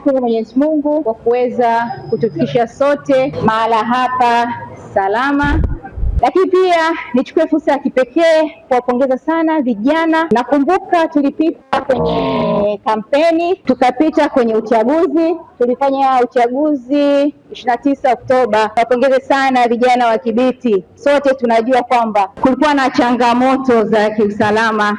tunamshukuru Mwenyezi Mungu kwa kuweza kutufikisha sote mahala hapa salama lakini pia nichukue fursa ya kipekee kuwapongeza sana vijana. Nakumbuka tulipita kwenye kampeni, tukapita kwenye uchaguzi, tulifanya uchaguzi ishirini na tisa Oktoba. Wapongeze sana vijana wa Kibiti, sote tunajua kwamba kulikuwa na changamoto za kiusalama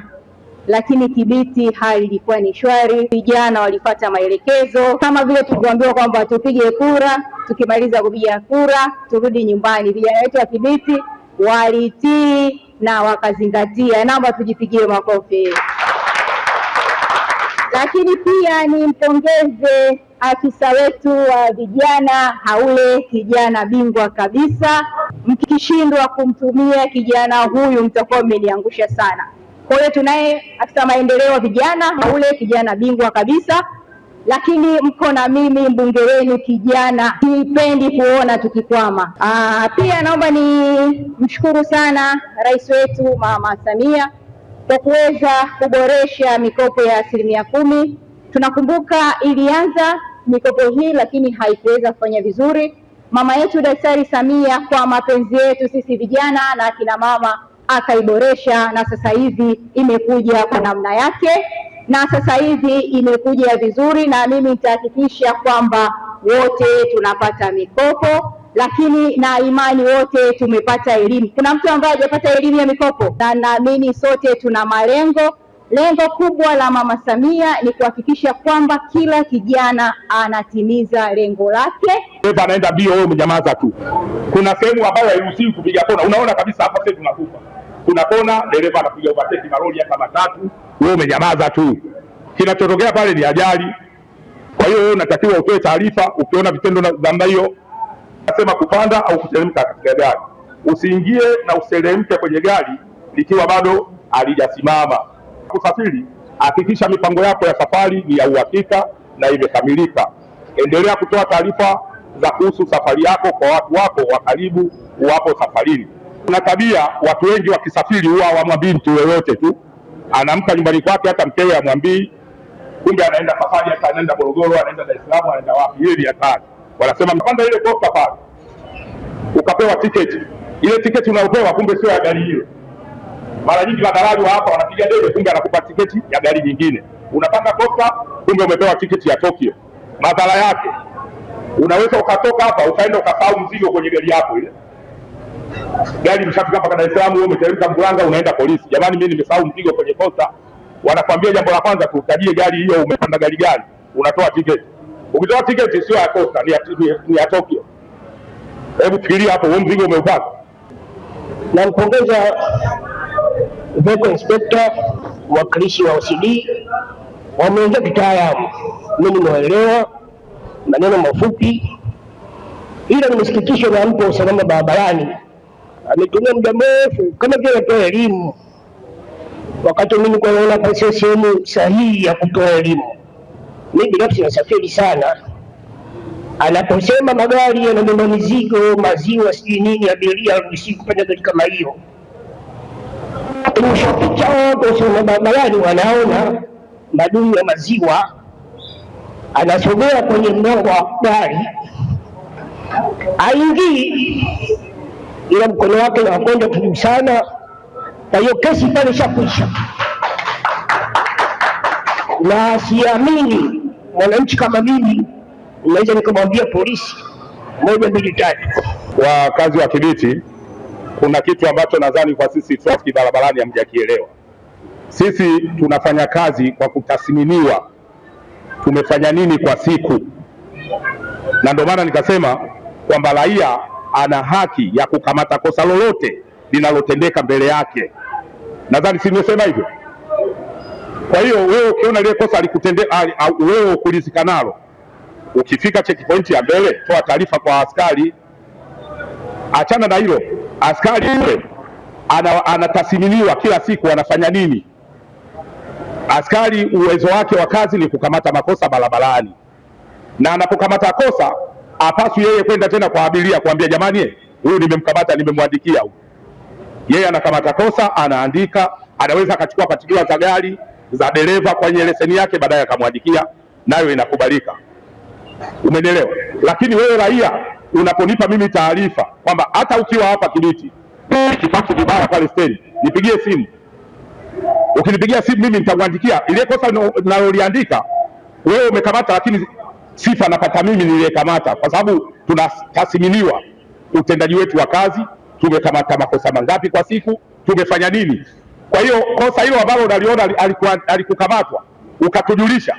lakini Kibiti hali ilikuwa ni shwari, vijana walipata maelekezo kama vile tulivyoambiwa kwamba tupige kura, tukimaliza kupiga kura turudi nyumbani. Vijana wetu wa Kibiti walitii na wakazingatia. Naomba tujipigie makofi. Lakini pia nimpongeze afisa wetu wa vijana Haule, kijana bingwa kabisa. Mkishindwa kumtumia kijana huyu mtakuwa mmeniangusha sana. Kwa hiyo tunaye afisa maendeleo vijana ule kijana bingwa kabisa, lakini mko na mimi mbunge wenu kijana, sipendi kuona tukikwama. Aa, ah, pia naomba ni mshukuru sana rais wetu Mama Samia kwa kuweza kuboresha mikopo ya asilimia kumi. Tunakumbuka ilianza mikopo hii lakini haikuweza kufanya vizuri. Mama yetu Daktari Samia kwa mapenzi yetu sisi vijana na akina mama akaiboresha, na sasa hivi imekuja kwa namna yake, na sasa hivi imekuja vizuri, na mimi nitahakikisha kwamba wote tunapata mikopo lakini na imani wote tumepata elimu. Kuna mtu ambaye hajapata elimu ya mikopo? Na naamini sote tuna malengo. Lengo kubwa la Mama Samia ni kuhakikisha kwamba kila kijana anatimiza lengo lake. Anaenda mbio, wewe umenyamaza tu. Kuna sehemu ambayo hairuhusiwi kupiga kona, unaona kabisa hapa sasa tunakufa kuna kona, dereva anapiga overtake maroli hata matatu, wewe umenyamaza tu. Kinachotokea pale ni ajali. Kwa hiyo wewe unatakiwa utoe taarifa ukiona vitendo vya namna hiyo, nasema kupanda au kuteremka katika gari. Usiingie na useremke kwenye gari likiwa bado halijasimama. Kusafiri, hakikisha mipango yako ya safari ni ya uhakika na imekamilika. Endelea kutoa taarifa za kuhusu safari yako kwa watu wako wa karibu wapo safarini. Kuna tabia watu wengi wakisafiri huwa hawamwambii mtu yoyote tu, anamka nyumbani kwake, hata mkewe amwambii, kumbe anaenda safari, hata anaenda Morogoro, anaenda Dar es Salaam, anaenda wapi. Hili ni hatari. Wanasema mpanda ile kosta pale, ukapewa tiketi ile tiketi unayopewa kumbe sio ya gari hiyo. Mara nyingi madalali wa hapa wanapiga debe, kumbe anakupa tiketi ya gari nyingine. Unapanda kosta, kumbe umepewa tiketi ya Tokyo. Madhara yake, unaweza ukatoka hapa ukaenda ukasahau mzigo kwenye gari yako ile gari lishafika mpaka Dar es Salaam, wewe umeteremka Mkuranga unaenda polisi. Jamani, mimi nimesahau mzigo kwenye posta. Wanakwambia jambo la kwanza, tutajie gari hiyo, umepanda gari gani? Unatoa tiketi. Ukitoa tiketi sio ya posta, ni ya, ni ya Tokyo. Hebu fikiria hapo, wewe mzigo umeupata. Na mpongeza Veko Inspector, mwakilishi wa OCD, wameongea kitaalamu, mimi nimeelewa maneno mafupi, ila nimesikitishwa na mpo usalama barabarani ametumia muda mrefu kama vile anatoa elimu, wakati mimi naona hapa sio sehemu sahihi ya kutoa elimu. Mimi binafsi nasafiri sana, anaposema magari yanabeba mizigo, maziwa, sijui nini, abiria haruhusiwi kupanda gari kama hiyo. Ushapicha wote usiona barabarani, wanaona madumu ya maziwa, anasogea kwenye mlango wa gari, aingii ila mkono wake na wakwenda juu sana, na hiyo kesi pale ishakwisha, na siamini mwananchi kama mimi naweza nikamwambia polisi moja mbili tatu. Wakazi wa Kibiti, kuna kitu ambacho nadhani kwa sisi trafiki barabarani hamjakielewa. Sisi tunafanya kazi kwa kutathminiwa tumefanya nini kwa siku, na ndio maana nikasema kwamba raia ana haki ya kukamata kosa lolote linalotendeka mbele yake. Nadhani si nimesema hivyo. Kwa hiyo wewe ukiona lile kosa alikutendea, wewe ukulizika nalo, ukifika checkpoint ya mbele, toa taarifa kwa askari. Achana na hilo, askari yule anatathminiwa kila siku anafanya nini. Askari uwezo wake wa kazi ni kukamata makosa barabarani, na anapokamata kosa apaswi yeye kwenda tena kwa abiria kuambia jamani, huyu nimemkamata, nimemwandikia huyu. Yeye anakamata kosa, anaandika, anaweza akachukua patikiwa za gari za dereva kwenye leseni yake, baadaye akamwandikia, nayo inakubalika. Umenielewa? Lakini wewe raia unaponipa mimi taarifa kwamba hata ukiwa hapa Kibiti kipaki vibaya pale stendi, nipigie simu. Ukinipigia simu mimi nitakuandikia ile kosa naloliandika wewe umekamata, lakini sifa napata mimi niliyekamata, kwa sababu tunatathminiwa utendaji wetu wa kazi, tumekamata makosa mangapi kwa siku, tumefanya nini. Kwa hiyo kosa hilo ambalo unaliona alikukamatwa ukatujulisha,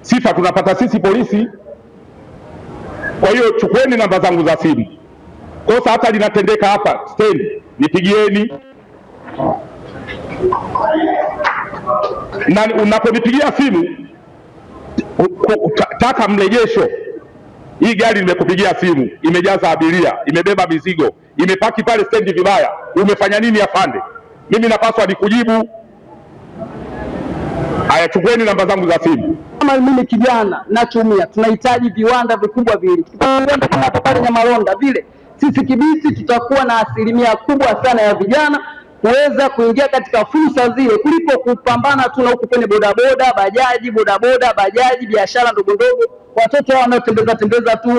sifa tunapata sisi polisi. Kwa hiyo chukueni namba zangu za simu, kosa hata linatendeka hapa stendi, nipigieni na unaponipigia simu taka mrejesho. Hii gari nimekupigia simu, imejaza abiria, imebeba mizigo, imepaki pale stendi vibaya, umefanya nini afande? Mimi napaswa nikujibu. Haya, chukueni namba zangu za simu. Kama mimi kijana nachumia, tunahitaji viwanda vikubwa vile pale Nyamalonda vile, sisi Kibisi tutakuwa na asilimia kubwa sana ya vijana kuweza kuingia katika fursa zile kuliko kupambana tu na huku kwenye bodaboda, bajaji, bodaboda, bajaji, biashara ndogo ndogo, watoto hao wanaotembeza tembeza tu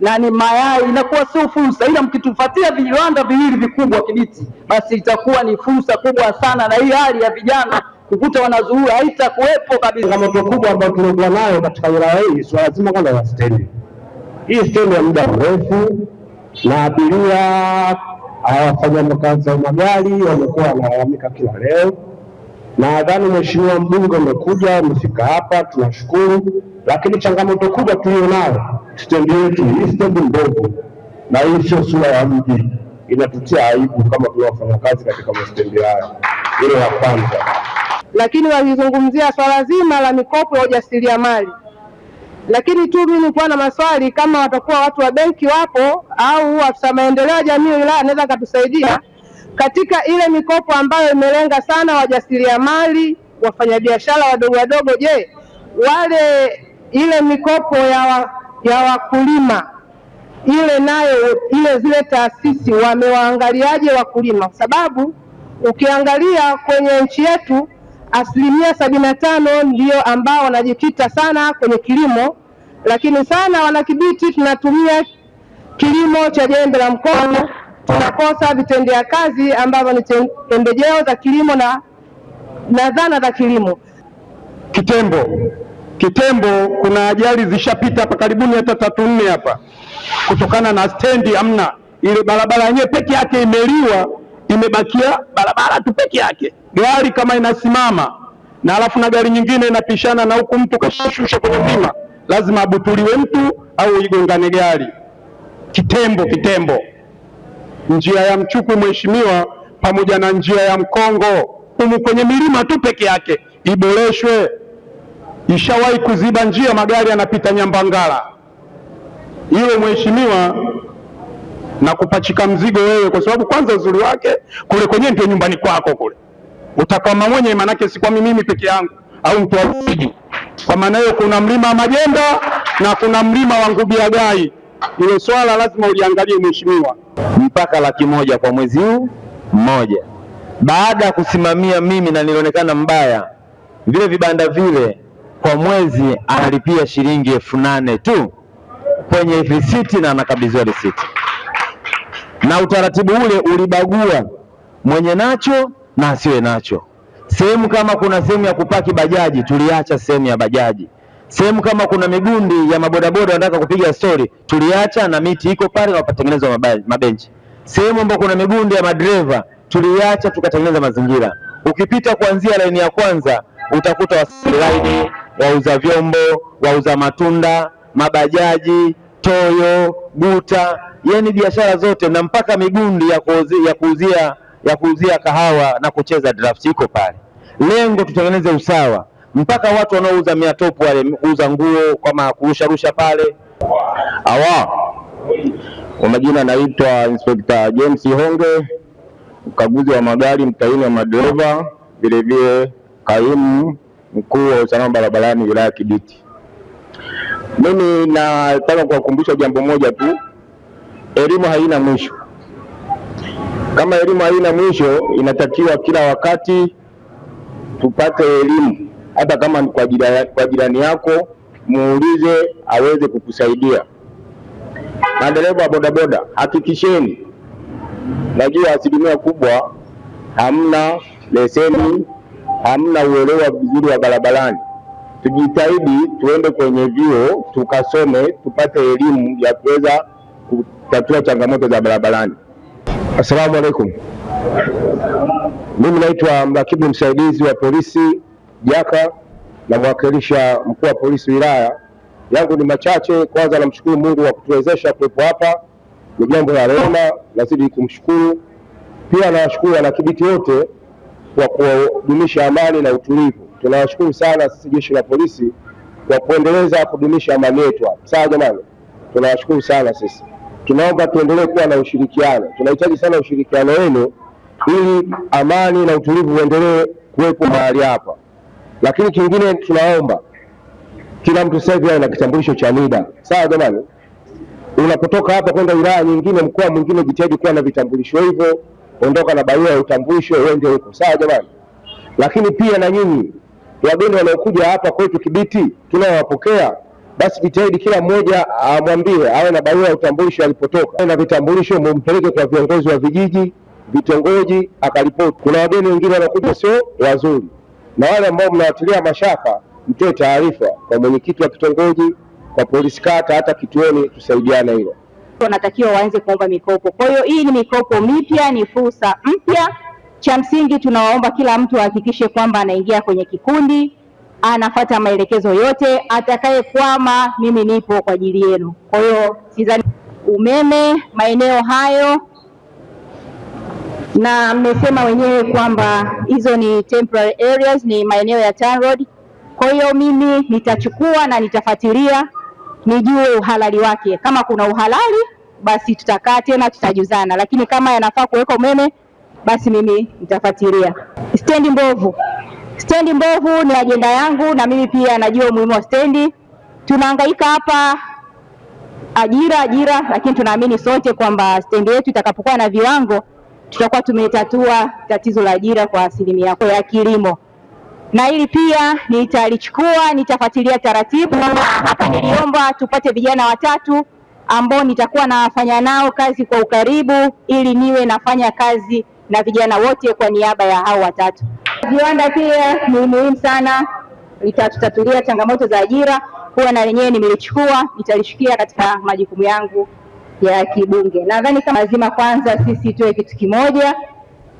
nani mayai, inakuwa sio fursa, ila mkitufuatia viwanda viwili vikubwa Kibiti, basi itakuwa ni fursa kubwa sana, na hii hali ya vijana kukuta wanazuura haitakuwepo kabisa. Changamoto kubwa ambayo tunakuwa nayo katika wilaya hii, swala lazima kwanza ya stendi. Hii stendi ya muda mrefu na abiria hawafanya makazi ya magari wamekuwa wanalalamika kila leo. Nadhani mheshimiwa mbunge umekuja umefika hapa, tunashukuru, lakini changamoto kubwa tulionayo, stendi yetu hii stendi ndogo na hii sio sura ya mji, inatutia aibu kama vile wafanyakazi katika mastendi hayo. Hilo la kwanza, lakini walizungumzia swala zima la mikopo ya ujasiriamali lakini tu mimi nilikuwa na maswali kama watakuwa watu wa benki wapo au afisa maendeleo ya jamii wilaya anaweza akatusaidia katika ile mikopo ambayo imelenga sana wajasiriamali, wafanyabiashara wadogo wadogo. Je, wale ile mikopo ya, wa, ya wakulima ile nayo ile zile taasisi wamewaangaliaje wakulima? sababu ukiangalia kwenye nchi yetu asilimia sabini na tano ndio ambao wanajikita sana kwenye kilimo, lakini sana wanakibiti tunatumia kilimo cha jembe la mkono, tunakosa vitendea kazi ambavyo ni pembejeo za kilimo na, na zana za kilimo. Kitembo Kitembo kuna ajali zishapita hapa karibuni, hata tatu nne hapa, kutokana na stendi hamna, ile barabara yenyewe peke yake imeliwa imebakia barabara tu peke yake. Gari kama inasimama na alafu na gari nyingine inapishana na huku, mtu kashushusha kwenye mlima, lazima abutuliwe mtu au igongane gari. Kitembo kitembo, njia ya Mchuku mheshimiwa, pamoja na njia ya Mkongo humu kwenye milima tu peke yake iboreshwe. Ishawahi kuziba njia, magari yanapita nyambangala. Hilo mheshimiwa na kupachika mzigo wewe, kwa sababu kwanza uzuri wake kule kwenyewe ndio nyumbani kwako kule, utakwama mwenye, manake sikwami mimi peke yangu au mtu wawili. Kwa maana hiyo kuna mlima wa Majenda na kuna mlima wa Ngubiagai. Hilo swala lazima uliangalie mheshimiwa. Mpaka laki moja kwa mwezi huu mmoja, baada ya kusimamia mimi na nilionekana mbaya, vile vibanda vile kwa mwezi analipia shilingi elfu nane tu kwenye risiti na anakabidhiwa risiti na utaratibu ule ulibagua mwenye nacho na asiwe nacho. Sehemu kama kuna sehemu ya kupaki bajaji, tuliacha sehemu ya bajaji. Sehemu kama kuna migundi ya mabodaboda wanataka kupiga stori, tuliacha na miti iko pale na wakatengenezwa mabenchi. Sehemu ambayo kuna migundi ya madereva tuliacha, tukatengeneza mazingira. Ukipita kuanzia laini ya kwanza utakuta wasailaini, wauza vyombo, wauza matunda, mabajaji Toyo, Guta, yani biashara zote na mpaka migundi ya kuuzia, ya kuuzia, ya kuuzia kahawa na kucheza draft iko pale. Lengo tutengeneze usawa, mpaka watu wanaouza mia topu wale kuuza nguo kama kurusharusha pale awa. Kwa majina naitwa Inspekta James Honge, mkaguzi wa magari mtaini wa madereva, vilevile kaimu mkuu wa usalama barabarani wilaya Kibiti. Mimi nataka kuwakumbusha jambo moja tu, elimu haina mwisho. Kama elimu haina mwisho, inatakiwa kila wakati tupate elimu, hata kama ni kwa jirani, kwa jirani yako muulize, aweze kukusaidia. Madereva wa bodaboda, hakikisheni, najua asilimia kubwa hamna leseni, hamna uelewa vizuri wa barabarani tujitahidi tuende kwenye vyuo tukasome, tupate elimu ya kuweza kutatua changamoto za barabarani. Assalamu alaikum, mimi naitwa mrakibu msaidizi wa polisi Jaka na mwakilisha mkuu wa polisi wilaya yangu ni machache. Kwanza namshukuru Mungu wa kutuwezesha kuwepo hapa, ni jambo la rehema nazidi kumshukuru. Pia nawashukuru wanakibiti wote kwa kudumisha amani na utulivu tunawashukuru sana sisi jeshi la polisi kwa kuendeleza kudumisha amani yetu hapa. Sawa jamani, tunawashukuru sana sisi, tunaomba tuendelee kuwa na ushirikiano, tunahitaji sana ushirikiano wenu ili amani na utulivu uendelee kuwepo mahali hapa. Lakini kingine tunaomba kila mtu sasa hivi ana kitambulisho cha NIDA. Sawa jamani, unapotoka hapa kwenda wilaya nyingine, mkoa mwingine, jitahidi kuwa na vitambulisho hivyo, ondoka na barua ya utambulisho uende huko. Sawa jamani, lakini pia na nyinyi wageni wanaokuja hapa kwetu Kibiti tunawapokea, basi jitahidi kila mmoja amwambie awe na barua ya utambulisho alipotoka, na vitambulisho mumpeleke kwa viongozi wa vijiji, vitongoji, akaripoti. Kuna wageni wengine wanaokuja sio wazuri, na wale ambao mnawatilia mashaka, mtoe taarifa kwa mwenyekiti wa kitongoji, kwa polisi kata, hata kituoni, tusaidiane hilo. Wanatakiwa waanze kuomba mikopo. Kwa hiyo hii ni mikopo mipya, ni fursa mpya. Cha msingi tunawaomba kila mtu ahakikishe kwamba anaingia kwenye kikundi, anafata maelekezo yote. Atakayekwama mimi nipo kwa ajili yenu. Kwa hiyo sidhani umeme maeneo hayo, na mmesema wenyewe kwamba hizo ni temporary areas, ni maeneo ya TANROADS. Kwa hiyo mimi nitachukua na nitafuatilia nijue uhalali wake. Kama kuna uhalali, basi tutakaa tena tutajuzana, lakini kama yanafaa kuweka umeme basi mimi nitafuatilia. Stendi mbovu, stendi mbovu ni ajenda yangu, na mimi pia najua umuhimu wa stendi. Tunahangaika hapa ajira, ajira, lakini tunaamini sote kwamba stendi yetu itakapokuwa na viwango tutakuwa tumetatua tatizo la ajira kwa asilimia ya kilimo, na hili pia nitalichukua, nitafuatilia taratibu. Hapa niliomba tupate vijana watatu ambao nitakuwa nafanya nao kazi kwa ukaribu, ili niwe nafanya kazi na vijana wote kwa niaba ya hao watatu. Viwanda pia ni muhimu sana, itatutatulia changamoto za ajira. Kuwa na lenyewe nimelichukua, nitalishikia katika majukumu yangu ya kibunge. Nadhani kama lazima kwanza sisi tuwe kitu kimoja,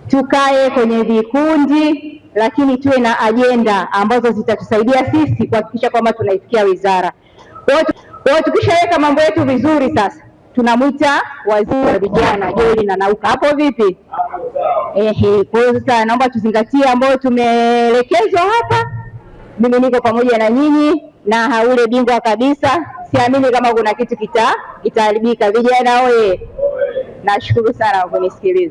tukae kwenye vikundi, lakini tuwe na ajenda ambazo zitatusaidia sisi kuhakikisha kwamba tunaifikia wizara. Kwa hiyo tukishaweka mambo yetu vizuri sasa tunamwita waziri wa vijana Joel na Nauka. Hapo vipi? Ehe, kwa hiyo sasa naomba tuzingatie ambayo tumeelekezwa hapa. Mimi niko pamoja na nyinyi na haule bingwa kabisa, siamini kama kuna kitu kita kitaharibika. Vijana oye! Nashukuru sana kwa kunisikiliza.